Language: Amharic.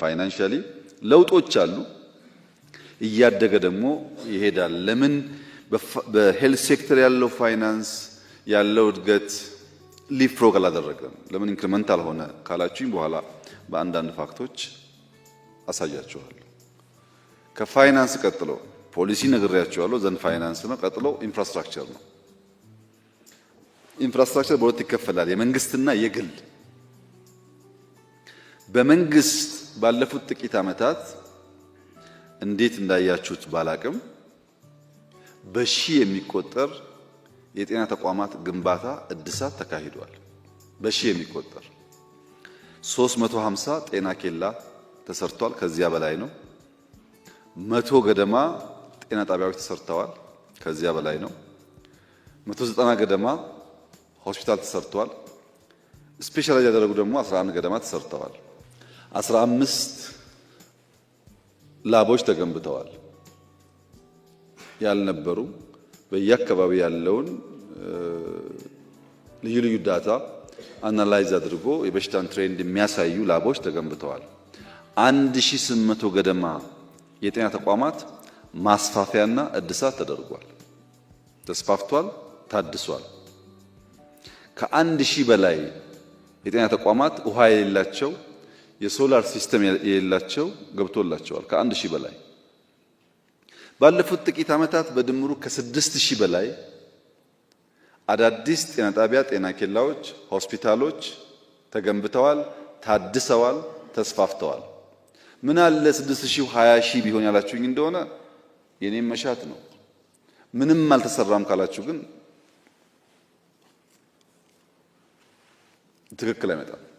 ፋይናንሻሊ ለውጦች አሉ። እያደገ ደግሞ ይሄዳል። ለምን በሄልት ሴክተር ያለው ፋይናንስ ያለው እድገት ሊፍሮግ አላደረገም። ለምን ኢንክሪመንት አልሆነ ካላችሁኝ በኋላ በአንዳንድ ፋክቶች አሳያችኋለሁ። ከፋይናንስ ቀጥሎ ፖሊሲ ነግሬያችኋለሁ። ዘንድ ፋይናንስ ነው። ቀጥሎ ኢንፍራስትራክቸር ነው። ኢንፍራስትራክቸር በሁለት ይከፈላል፣ የመንግስትና የግል። በመንግስት ባለፉት ጥቂት ዓመታት እንዴት እንዳያችሁት ባላቅም በሺ የሚቆጠር የጤና ተቋማት ግንባታ እድሳት ተካሂዷል። በሺ የሚቆጠር 350 ጤና ኬላ ተሰርቷል። ከዚያ በላይ ነው። መቶ ገደማ ጤና ጣቢያዎች ተሰርተዋል። ከዚያ በላይ ነው። 190 ገደማ ሆስፒታል ተሰርተዋል። ስፔሻላይዝ ያደረጉ ደግሞ 11 ገደማ ተሰርተዋል። አስራ አምስት ላቦች ተገንብተዋል ያልነበሩ በየአካባቢ ያለውን ልዩ ልዩ ዳታ አናላይዝ አድርጎ የበሽታን ትሬንድ የሚያሳዩ ላቦች ተገንብተዋል። አንድ ሺ ስምንት መቶ ገደማ የጤና ተቋማት ማስፋፊያና እድሳት ተደርጓል። ተስፋፍቷል፣ ታድሷል። ከአንድ ሺህ በላይ የጤና ተቋማት ውሃ የሌላቸው የሶላር ሲስተም የሌላቸው ገብቶላቸዋል ከአንድ ሺህ በላይ ባለፉት ጥቂት ዓመታት በድምሩ ከስድስት ሺህ በላይ አዳዲስ ጤና ጣቢያ፣ ጤና ኬላዎች፣ ሆስፒታሎች ተገንብተዋል፣ ታድሰዋል፣ ተስፋፍተዋል። ምን አለ ስድስት ሺህ ሀያ ሺህ ቢሆን ያላችሁኝ እንደሆነ የኔም መሻት ነው። ምንም አልተሰራም ካላችሁ ግን ትክክል አይመጣም።